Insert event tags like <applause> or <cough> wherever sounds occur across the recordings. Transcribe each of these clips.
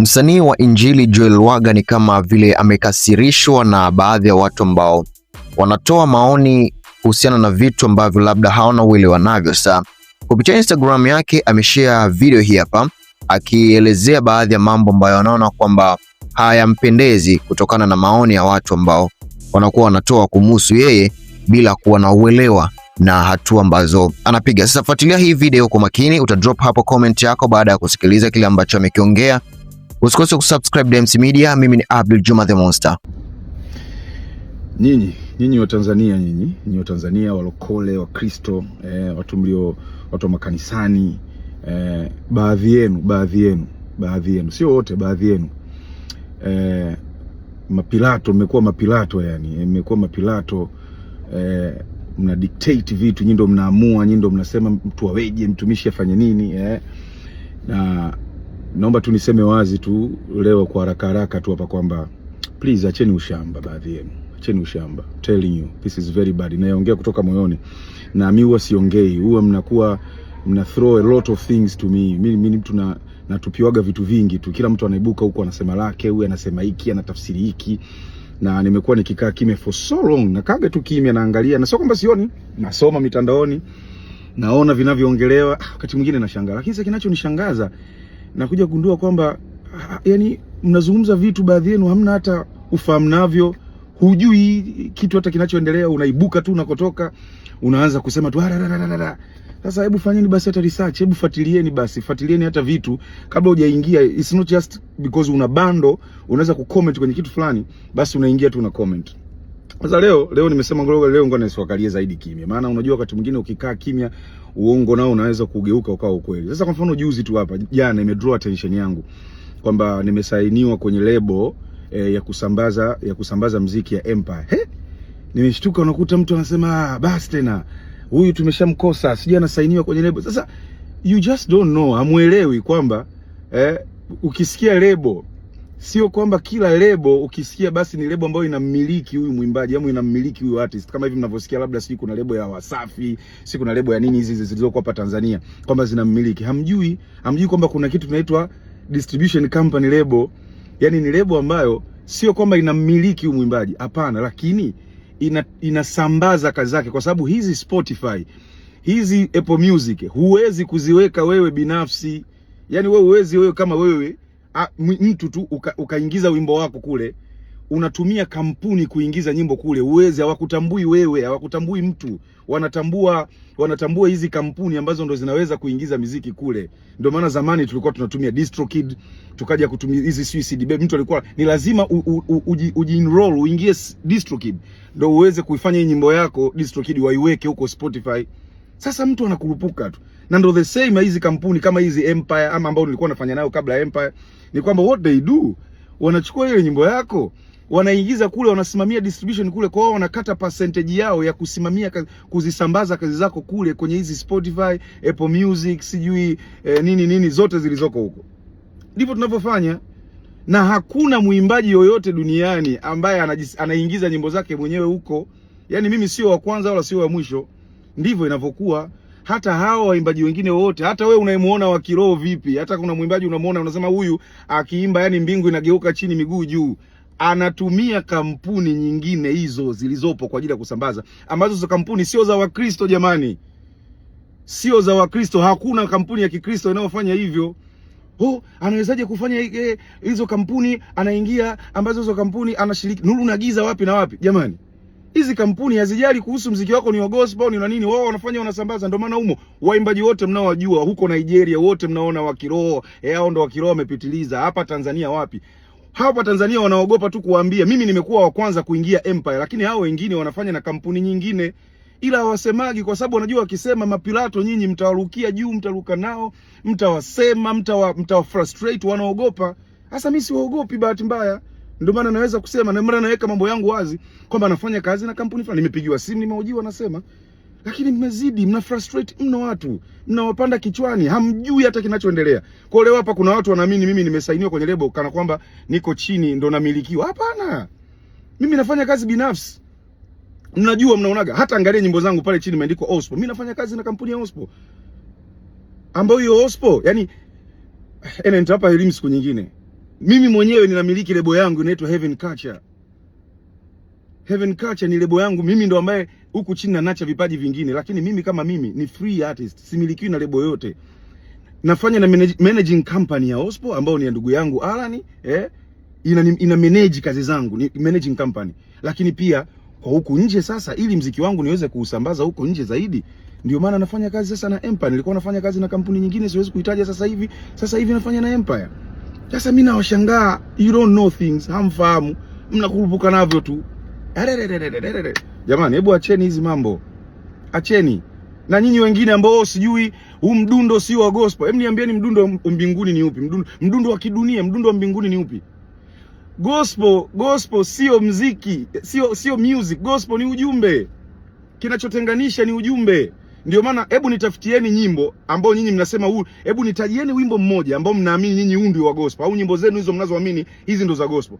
Msanii wa Injili Joel Lwaga ni kama vile amekasirishwa na baadhi ya watu ambao wanatoa maoni kuhusiana na vitu ambavyo labda hawana uelewa navyo. Sasa kupitia Instagram yake ameshare video hii hapa, akielezea baadhi ya mambo ambayo anaona kwamba hayampendezi kutokana na maoni ya watu ambao wanakuwa wanatoa kumhusu yeye bila kuwa na uelewa na hatua ambazo anapiga. Sasa fuatilia hii video kwa makini, utadrop hapo comment yako baada ya kusikiliza kile ambacho amekiongea. Usikose kusubscribe Dems Media. Mimi ni Abdul Juma the Monster. Nyinyi nyinyi wa Tanzania, nyinyi nyinyi wa Tanzania, walokole Wakristo, eh, watu mlio watu wa makanisani eh, baadhi yenu baadhi yenu baadhi yenu, sio wote, baadhi yenu eh, mapilato mmekuwa mapilato, yani eh, mmekuwa mapilato eh, mna dictate vitu, nyinyi ndio mnaamua, nyinyi ndio mnasema mtu aweje, mtumishi afanye nini eh, na naomba tu niseme wazi tu leo kwa haraka haraka tu hapa kwamba please, acheni ushamba baadhi yenu, acheni ushamba. I'm telling you this is very bad, naongea kutoka moyoni na mimi huwa siongei, huwa mnakuwa mna throw a lot of things to me. Mimi mimi mtu na natupiwaga vitu vingi tu, kila mtu anaibuka huko anasema lake, huyu anasema hiki, anatafsiri hiki, na nimekuwa nikikaa kimya for so long, nakaga tu kimya, naangalia, na sio kwamba sioni, nasoma mitandaoni, naona vinavyoongelewa, ah, wakati mwingine nashangaa, lakini sasa kinachonishangaza na kuja kugundua kwamba yani, mnazungumza vitu baadhi yenu hamna hata ufahamu navyo, hujui kitu hata kinachoendelea, unaibuka tu unakotoka, unaanza kusema tu ah, sasa hebu fanyeni basi hata research, hebu fuatilieni basi, fuatilieni hata vitu kabla hujaingia. It's not just because una bando unaweza kucomment kwenye kitu fulani, basi unaingia tu una comment. Sasa leo leo nimesema ngoro leo ngoja nisiwakalie zaidi kimya, maana unajua wakati mwingine ukikaa kimya uongo nao unaweza kugeuka ukawa ukweli. Sasa kwa mfano juzi tu hapa jana imedraw attention yangu kwamba nimesainiwa kwenye lebo e, ya kusambaza ya kusambaza mziki ya Empire. He? Nimeshtuka unakuta mtu anasema ah, basi tena huyu tumeshamkosa, sijui anasainiwa kwenye lebo. Sasa you just don't know, hamuelewi kwamba eh, ukisikia lebo Sio kwamba kila lebo ukisikia basi ni lebo ambayo inammiliki huyu mwimbaji au inammiliki huyu artist, kama hivi mnavyosikia, labda si kuna lebo ya Wasafi, si kuna lebo ya nini hizi zilizoko hapa Tanzania kwamba zinammiliki. Hamjui, hamjui kwamba kuna kitu kinaitwa distribution company lebo, yani ni lebo ambayo sio kwamba inammiliki huyu mwimbaji, hapana, lakini ina, inasambaza kazi zake, kwa sababu hizi Spotify hizi Apple Music huwezi kuziweka wewe binafsi, yani wewe huwezi wewe kama wewe a, mtu tu uka, ukaingiza wimbo wako kule, unatumia kampuni kuingiza nyimbo kule, uweze hawakutambui wewe, hawakutambui mtu, wanatambua wanatambua hizi kampuni ambazo ndo zinaweza kuingiza miziki kule. Ndio maana zamani tulikuwa tunatumia DistroKid, tukaja kutumia hizi CD Baby. Mtu alikuwa ni lazima ujienroll uingie DistroKid ndo uweze kuifanya nyimbo yako DistroKid waiweke huko Spotify. Sasa mtu anakurupuka tu na ndo the same ya hizi kampuni kama hizi Empire ama ambao nilikuwa nafanya nayo kabla ya Empire, ni kwamba what they do, wanachukua ile nyimbo yako wanaingiza kule, wanasimamia distribution kule kwa hiyo wanakata percentage yao ya kusimamia kuzisambaza kazi zako kule kwenye hizi Spotify, Apple Music, sijui eh, nini nini zote zilizoko huko. Ndivyo tunavyofanya, na hakuna mwimbaji yoyote duniani ambaye anajis, anaingiza nyimbo zake mwenyewe huko. Yaani mimi sio wa kwanza wala sio wa mwisho, ndivyo inavyokuwa hata hao waimbaji wengine wote, hata we unayemuona wa kiroho vipi, hata kuna mwimbaji unamuona unasema huyu akiimba, yani mbingu inageuka chini miguu juu, anatumia kampuni nyingine hizo zilizopo kwa ajili ya kusambaza, ambazo hizo kampuni sio za Wakristo jamani, sio za Wakristo. Hakuna kampuni ya Kikristo inayofanya hivyo. Oh, anawezaje kufanya eh, hizo kampuni? Anaingia ambazo hizo kampuni anashiriki nuru na giza wapi na wapi jamani. Hizi kampuni hazijali kuhusu mziki wako ni wa gospel ni na nini, wao wanafanya wanasambaza. Ndio maana humo waimbaji wote mnaowajua huko Nigeria wote mnaona wa kiroho, eh, hao ndio wa kiroho wamepitiliza. Hapa Tanzania wapi? Hapa Tanzania wanaogopa tu kuambia, mimi nimekuwa wa kwanza kuingia Empire, lakini hao wengine wanafanya na kampuni nyingine ila hawasemagi kwa sababu wanajua wakisema mapilato, nyinyi mtawarukia juu, mtaruka nao, mtawasema, mtawa, mtawafrustrate. Wanaogopa. Sasa mimi siwaogopi, bahati mbaya. Ndio maana naweza kusema na mara naweka mambo yangu wazi kwamba nafanya kazi na kampuni fulani, nimepigiwa simu, nimehojiwa, nasema lakini mmezidi, mna frustrate mno watu, mnawapanda kichwani, hamjui hata kinachoendelea. Kwa leo hapa kuna watu wanaamini mimi nimesainiwa kwenye lebo kana kwamba niko chini ndo namilikiwa. Hapana, mimi nafanya kazi binafsi. Mnajua, mnaonaga hata, angalia nyimbo zangu pale chini imeandikwa Ospo. Mimi nafanya kazi na kampuni ya Ospo ambayo hiyo Ospo yani, eh, ene nitawapa elimu siku nyingine. Mimi mwenyewe ninamiliki lebo yangu inaitwa Heaven Culture. Heaven Culture ni lebo yangu mimi ndo ambaye huku chini na nacha vipaji vingine, lakini mimi kama mimi ni free artist, similikiwi na lebo yote. Nafanya na manage, managing company ya Ospo ambao ni ya ndugu yangu Alan, eh, ina, ina manage kazi zangu, ni managing company. Lakini pia kwa huku nje sasa, ili mziki wangu niweze kuusambaza huko nje zaidi, ndio maana nafanya kazi sasa na Empire. Nilikuwa nafanya kazi na kampuni nyingine, siwezi kuitaja sasa hivi. Sasa hivi nafanya na Empire. Sasa mimi nawashangaa, you don't know things, hamfahamu, mnakurupuka navyo tu. Jamani, hebu acheni hizi mambo, acheni na nyinyi wengine ambao sijui huu mdundo si wa gospel, hebu niambieni mdundo mbinguni ni upi? Mdundo, mdundo wa kidunia, mdundo wa mbinguni ni upi? Gospel, gospel sio mziki, sio sio music. Gospel ni ujumbe, kinachotenganisha ni ujumbe. Ndio maana hebu nitafutieni nyimbo ambao nyinyi mnasema huu, hebu nitajieni wimbo mmoja ambao mnaamini nyinyi huu ndio wa gospel au nyimbo zenu hizo mnazoamini hizi ndio za gospel.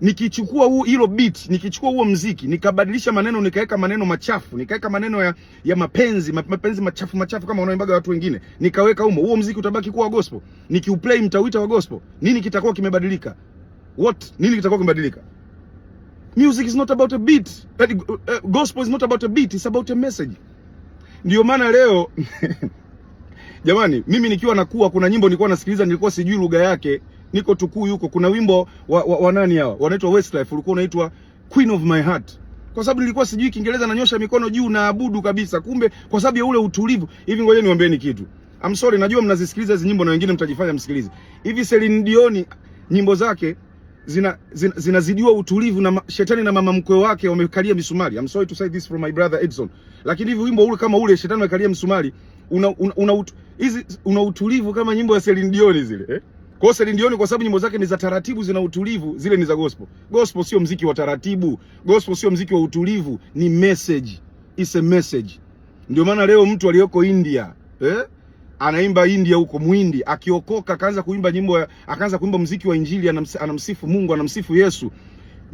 Nikichukua huu hilo beat, nikichukua huo mziki, nikabadilisha maneno, nikaweka maneno machafu, nikaweka maneno ya, ya mapenzi, mapenzi machafu machafu kama wanaoimbaga watu wengine, nikaweka humo, huo mziki utabaki kuwa gospel. Nikiuplay mtauita wa gospel. Nini kitakuwa kimebadilika? What? Nini kitakuwa kimebadilika? Music is not about a beat. Uh, gospel is not about a beat, it's about a message. Ndio maana leo <laughs> jamani, mimi nikiwa nakuwa, kuna nyimbo nilikuwa nasikiliza, nilikuwa sijui lugha yake, niko tukuu yuko, kuna wimbo wa, wa, wa nani hawa wanaitwa Westlife, ulikuwa unaitwa Queen of My Heart kwa sababu nilikuwa sijui Kiingereza, na nyosha mikono juu na abudu kabisa, kumbe kwa sababu ya ule utulivu hivi. Ngoja niwaambieni kitu, I'm sorry, najua mnazisikiliza hizi nyimbo na wengine mtajifanya msikilize hivi. Celine Dion nyimbo zake zinazidiwa zina, zina utulivu na shetani na mama mkwe wake wamekalia misumari. I'm sorry to say this from my brother Edson, lakini hivi wimbo ule kama ule shetani amekalia misumari una una, una, ut, izi, una utulivu kama nyimbo ya Celine Dion zile eh? Kwa hiyo Celine Dion kwa sababu nyimbo zake ni za taratibu zina utulivu, zile ni za gospel. Gospel sio mziki wa taratibu, gospel sio mziki wa utulivu, ni message. is a message. Ndio maana leo mtu aliyoko India eh? anaimba India huko muhindi, akiokoka akaanza kuimba nyimbo, akaanza kuimba mziki wa Injili, anamsifu Mungu, anamsifu Yesu.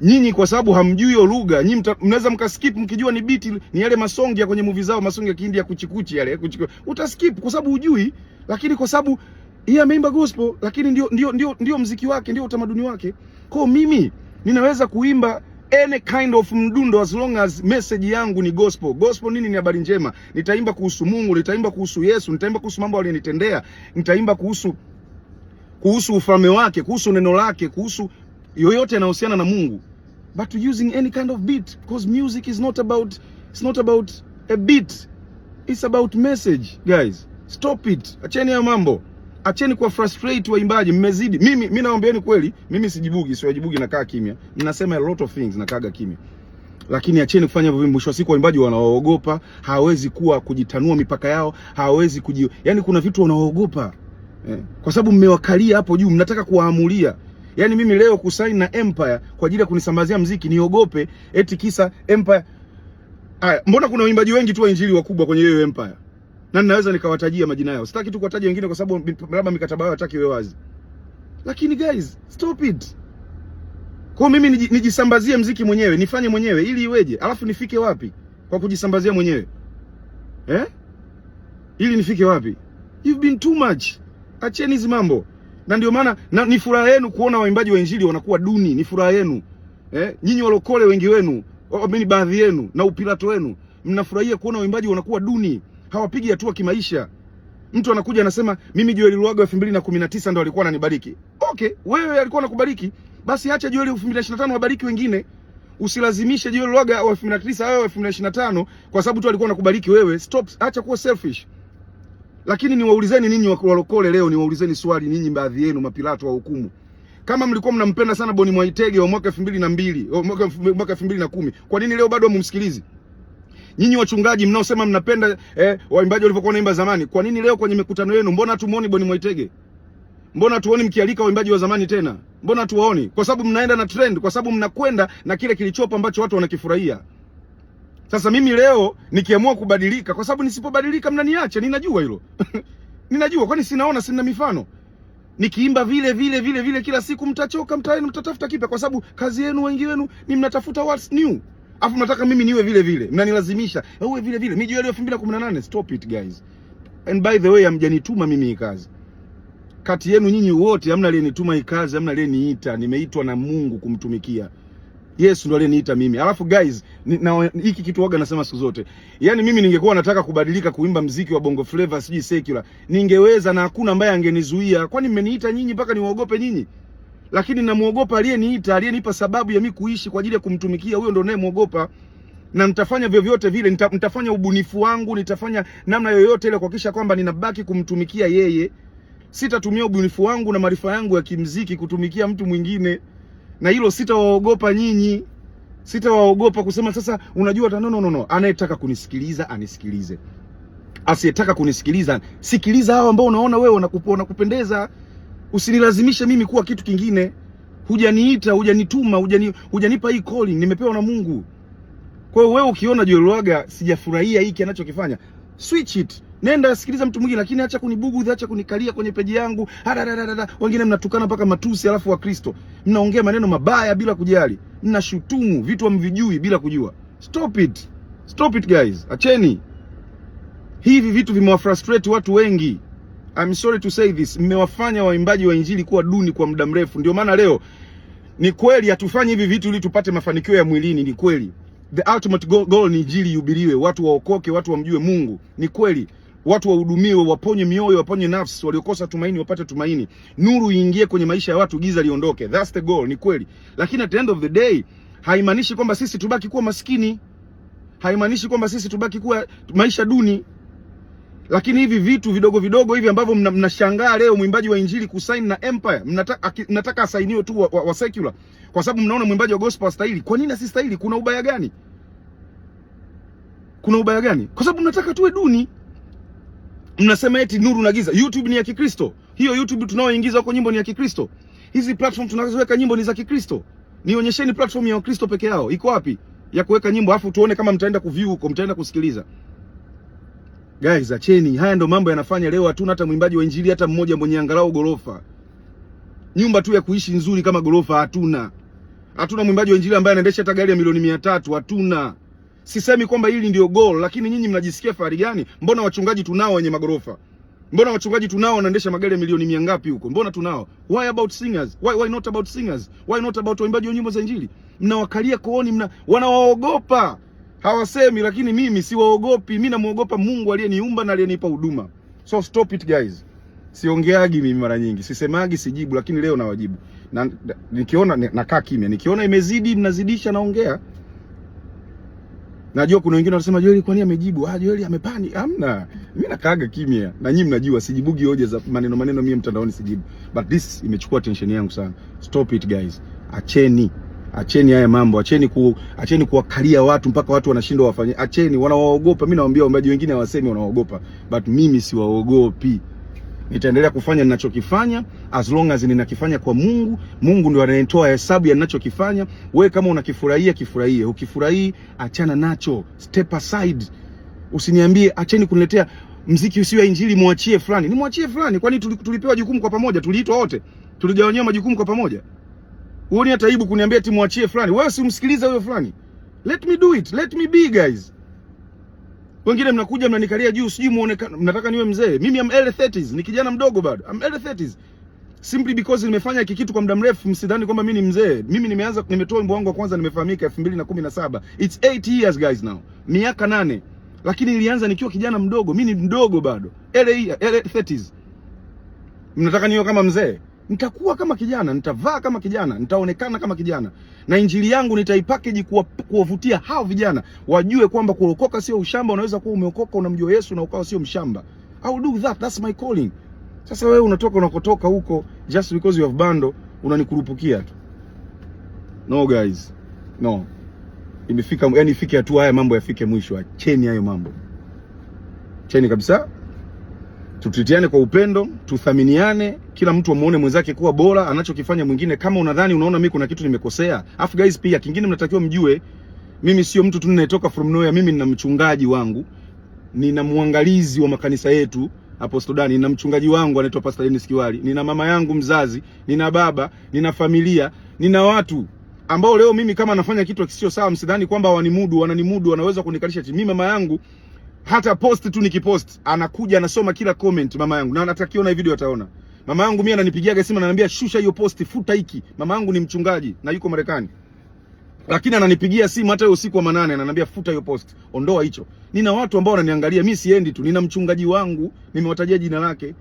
Nyinyi kwa sababu hamjui hiyo lugha, nyinyi mnaweza mkaskip mkijua ni biti, ni yale masongi ya kwenye movie zao, masongi ya ya kuchikuchi yale kuchikuchi. utaskip kwa sababu hujui, lakini kwa sababu yeye ameimba gospel, lakini ndio ndio ndio, ndio mziki wake, ndio utamaduni wake. Kwa mimi ninaweza kuimba any kind of mdundo as long as message yangu ni gospel. Gospel nini? Ni habari njema. Nitaimba kuhusu Mungu, nitaimba kuhusu Yesu, nitaimba kuhusu mambo aliyonitendea, nitaimba kuhusu kuhusu ufalme wake, kuhusu neno lake, kuhusu yoyote yanayohusiana na Mungu, but using any kind of beat because music is not about it's not about a beat, it's about message. Guys, stop it, acheni hayo mambo acheni kuwa frustrate waimbaji, mmezidi. Mimi mimi naombeeni kweli, mimi sijibugi, sio siwajibugi, nakaa kimya, ninasema a lot of things, nakaaga kimya lakini acheni kufanya hivyo. Mwisho wa siku waimbaji wanaoogopa, hawawezi kuwa kujitanua mipaka yao, hawawezi kuji, yani kuna vitu wanaoogopa eh, kwa sababu mmewakalia hapo juu, mnataka kuwaamulia. Yani mimi leo kusaini na Empire kwa ajili ya kunisambazia mziki niogope eti kisa Empire? Aya, mbona kuna waimbaji wengi tu wa injili wakubwa kwenye hiyo Empire na ninaweza nikawatajia majina yao, sitaki tu kuwataja wengine kwa sababu labda mikataba yao hataki iwe wazi, lakini guys, stop it. Kwa mimi nijisambazie mziki mwenyewe nifanye mwenyewe ili iweje? Alafu nifike wapi kwa kujisambazia mwenyewe eh? Ili nifike wapi? You've been too much. Acheni hizi mambo, na ndio maana ni furaha yenu kuona waimbaji wa injili wanakuwa duni. Ni furaha yenu eh? Nyinyi walokole wengi wenu, baadhi yenu na upilato wenu, mnafurahia kuona waimbaji wanakuwa duni hawapigi hatua kimaisha. Mtu anakuja anasema mimi Joel Lwaga elfu mbili na kumi na tisa ndo alikuwa ananibariki. Okay, wewe alikuwa anakubariki, basi acha Joel elfu mbili na ishirini na tano wabariki wengine. Usilazimishe Joel Lwaga wa elfu mbili na tisa au elfu mbili na ishirini na tano kwa sababu tu alikuwa anakubariki wewe. Stop, acha kuwa selfish. Lakini niwaulizeni ninyi walokole leo, niwaulizeni swali ninyi, baadhi yenu mapilato wa hukumu, kama mlikuwa mnampenda sana Boni Mwaitege wa mwaka elfu mbili na mbili mwaka elfu mbili na kumi kwa nini leo bado hamumsikilizi? Nyinyi wachungaji mnaosema mnapenda eh, waimbaji walivyokuwa naimba zamani, kwa nini leo kwenye mikutano yenu mbona tumuoni Boni Mwaitege? Mbona tuoni mkialika waimbaji wa zamani tena? Mbona tuwaoni? Kwa sababu mnaenda na trend, kwa sababu mnakwenda na kile kilichopo ambacho watu wanakifurahia. Sasa mimi leo nikiamua kubadilika, kwa sababu nisipobadilika mnaniacha, ninajua hilo <laughs> ninajua, kwani sinaona, sina mifano nikiimba vile vile vile vile kila siku mtachoka, mtaenda mtatafuta kipya, kwa sababu kazi yenu wengi wenu ni mnatafuta what's new. Afu mnataka mimi niwe vile vile. Mnanilazimisha. Eh, uwe vile vile. Miji yale 2018 stop it guys. And by the way hamjanituma mimi hii kazi. Kati yenu nyinyi wote hamna aliyenituma hii kazi, hamna aliyeniita. Nimeitwa na Mungu kumtumikia. Yes, ndo aliyeniita mimi. Alafu guys, na hiki kitu waga nasema siku zote. Yaani mimi ningekuwa nataka kubadilika kuimba mziki wa Bongo Flava sijui secular. Ningeweza na hakuna ambaye angenizuia. Kwani mmeniita nyinyi mpaka niwaogope nyinyi? lakini namwogopa aliyeniita, aliyenipa sababu ya mimi kuishi kwa ajili ya kumtumikia. Huyo ndo ninayemwogopa, na nitafanya vyovyote vile, nita, nitafanya ubunifu wangu, nitafanya namna yoyote ile kuhakikisha kwamba ninabaki kumtumikia yeye. Sitatumia ubunifu wangu na maarifa yangu ya kimziki kutumikia mtu mwingine, na hilo sitawaogopa nyinyi, sitawaogopa kusema sasa, unajua no, no, no. Anayetaka kunisikiliza anisikilize, asiyetaka kunisikiliza sikiliza hao ambao unaona wewe wanakupendeza. Usinilazimishe mimi kuwa kitu kingine. Hujaniita, hujanituma, hujani, hujanipa hii calling, nimepewa na Mungu. Kwa hiyo wewe ukiona Joel Lwaga sijafurahia hiki anachokifanya, switch it. Nenda sikiliza mtu mwingine, lakini acha kunibugudhi, acha kunikalia kwenye peji yangu. Hadadadada. Wengine mnatukana mpaka matusi, alafu wa Kristo mnaongea maneno mabaya bila kujali, mnashutumu vitu hamvijui bila kujua. Stop it, stop it guys, acheni hivi vitu. Vimewafrustrate watu wengi. I'm sorry to say this, mmewafanya waimbaji wa injili kuwa duni kwa muda mrefu. Ndio maana leo ni kweli hatufanyi hivi vitu ili tupate mafanikio ya mwilini, ni kweli. The ultimate goal, goal ni injili ihubiriwe, watu waokoke, watu wamjue Mungu, ni kweli. Watu wahudumiwe, waponye mioyo, waponye nafsi, waliokosa tumaini wapate tumaini, nuru iingie kwenye maisha ya watu, giza liondoke. That's the goal, ni kweli. Lakini at the end of the day haimaanishi kwamba sisi tubaki kuwa maskini, haimaanishi kwamba sisi tubaki kuwa maisha duni. Lakini hivi vitu vidogo vidogo hivi ambavyo mnashangaa mna leo mwimbaji wa injili kusaini na Empire, mnataka mnataka asainiwe tu wa, wa, wa secular kwa sababu mnaona mwimbaji wa gospel astahili. Kwa nini si stahili? Kuna ubaya gani? Kuna ubaya gani? Kwa sababu mnataka tuwe duni. Mnasema eti nuru na giza. YouTube ni ya Kikristo. Hiyo YouTube tunaoingiza huko nyimbo ni ya Kikristo. Hizi platform tunazoweka nyimbo ni za Kikristo. Nionyesheni platform ya Wakristo peke yao. Iko wapi ya kuweka nyimbo afu tuone kama mtaenda kuview huko, mtaenda kusikiliza. Guys, acheni. Haya ndo mambo yanafanya leo hatuna hata mwimbaji wa injili hata mmoja mwenye angalau gorofa. Nyumba tu ya kuishi nzuri kama gorofa hatuna. Hatuna mwimbaji wa injili ambaye anaendesha hata gari ya milioni mia tatu hatuna. Sisemi kwamba hili ndio goal, lakini nyinyi mnajisikia fahari gani? Mbona wachungaji tunao wenye magorofa? Mbona wachungaji tunao wanaendesha magari ya milioni mia ngapi huko? Mbona tunao? Why about singers? Why, why not about singers? Why not about waimbaji wa nyimbo za injili? Mnawakalia kooni, mna wanawaogopa hawasemi, lakini mimi siwaogopi. Mimi namwogopa Mungu aliyeniumba na aliyenipa huduma. So stop it guys. Siongeagi mimi mara nyingi, sisemagi, sijibu, lakini leo nawajibu na, nikiona nakaa kimya, nikiona imezidi mnazidisha, naongea. Najua kuna wengine wanasema Joeli, kwani amejibu? Ah, Joeli amepani. Amna, mimi nakaaga kimya, na nyinyi mnajua sijibugi hoja za maneno maneno, mimi mtandaoni sijibu, but this imechukua attention yangu sana. Stop it guys, acheni. Acheni haya mambo, acheni ku, acheni kuwakalia watu mpaka watu wanashindwa wafanye. Acheni, wanawaogopa. Mimi nawaambia waombaji wengine hawasemi wanawaogopa, but mimi siwaogopi. Nitaendelea kufanya ninachokifanya as long as ninakifanya kwa Mungu. Mungu ndio anayetoa hesabu ya ninachokifanya. Wewe kama unakifurahia, kifurahie. Ukifurahii achana nacho, step aside. Usiniambie acheni kuniletea mziki usio wa Injili, muachie fulani. Nimwachie fulani? Kwani tulipewa jukumu kwa pamoja? Tuliitwa wote? Tuligawanyiwa majukumu kwa pamoja? Huoni hata aibu kuniambia ati muachie fulani? Wewe si umsikiliza huyo fulani. Let me do it. Let me be guys. Wengine mnakuja mnanikalia juu sijui muonekana mnataka niwe mzee. Mimi am early 30s, ni kijana mdogo bado. Am early 30s. Simply because nimefanya hiki kitu kwa muda mrefu, msidhani kwamba mimi ni mzee. Mimi nimeanza nimetoa wimbo wangu wa kwanza nimefahamika 2017. It's 8 years guys now. Miaka nane. Lakini nilianza nikiwa kijana mdogo. Mimi ni mdogo bado. Early, early 30s. Mnataka niwe kama mzee? nitakuwa kama kijana, nitavaa kama kijana, nitaonekana kama kijana, na injili yangu nitaipakeji kuwavutia hao vijana wajue kwamba kuokoka sio ushamba. Unaweza kuwa umeokoka unamjua Yesu na ukawa sio mshamba. I do that, that's my calling. Sasa wewe unatoka unakotoka huko just because you have bando, unanikurupukia tu. No guys, no, imefika yani, ifike hatua, haya mambo yafike mwisho. Acheni hayo mambo, cheni kabisa tutritiane kwa upendo, tuthaminiane, kila mtu amuone mwenzake kuwa bora anachokifanya mwingine. Kama unadhani unaona mimi kuna kitu nimekosea, afu guys, pia kingine mnatakiwa mjue, mimi sio mtu tu ninayetoka from nowhere. Mimi nina mchungaji wangu, nina mwangalizi wa makanisa yetu hapo Sudani, nina mchungaji wangu anaitwa Pastor Dennis Kiwali, nina mama yangu mzazi, nina baba, nina familia, nina watu ambao leo mimi kama nafanya kitu kisio sawa, msidhani kwamba wanimudu, wananimudu, wanaweza kunikalisha chini. Mimi mama yangu hata post tu nikipost anakuja anasoma kila comment mama yangu, na natakiona hii video ataona. Mama yangu mimi ananipigiaga simu ananiambia, shusha hiyo post, futa hiki. Mama yangu ni mchungaji na yuko Marekani, lakini ananipigia simu hata usiku wa manane ananiambia, futa hiyo post, ondoa hicho. Nina watu ambao wananiangalia mimi, siendi tu, nina mchungaji wangu, nimewatajia jina lake.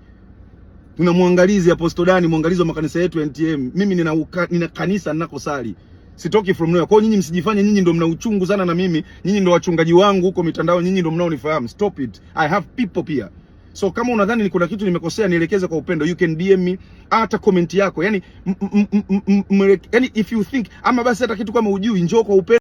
nina mwangalizi apostodani, mwangalizi wa makanisa yetu NTM. Mimi nina, uka, nina kanisa ninakosali sitoki from nowhere. Kwa nyinyi msijifanye nyinyi ndio mna uchungu sana na mimi, nyinyi ndio wachungaji wangu huko mitandao, nyinyi ndio mnaonifahamu. Stop it. I have people pia. So kama unadhani ni kuna kitu nimekosea, nielekeze kwa upendo. You can DM me, hata comment yako. Yaani, yani if you think ama basi hata kitu kama hujui, njoo kwa upendo.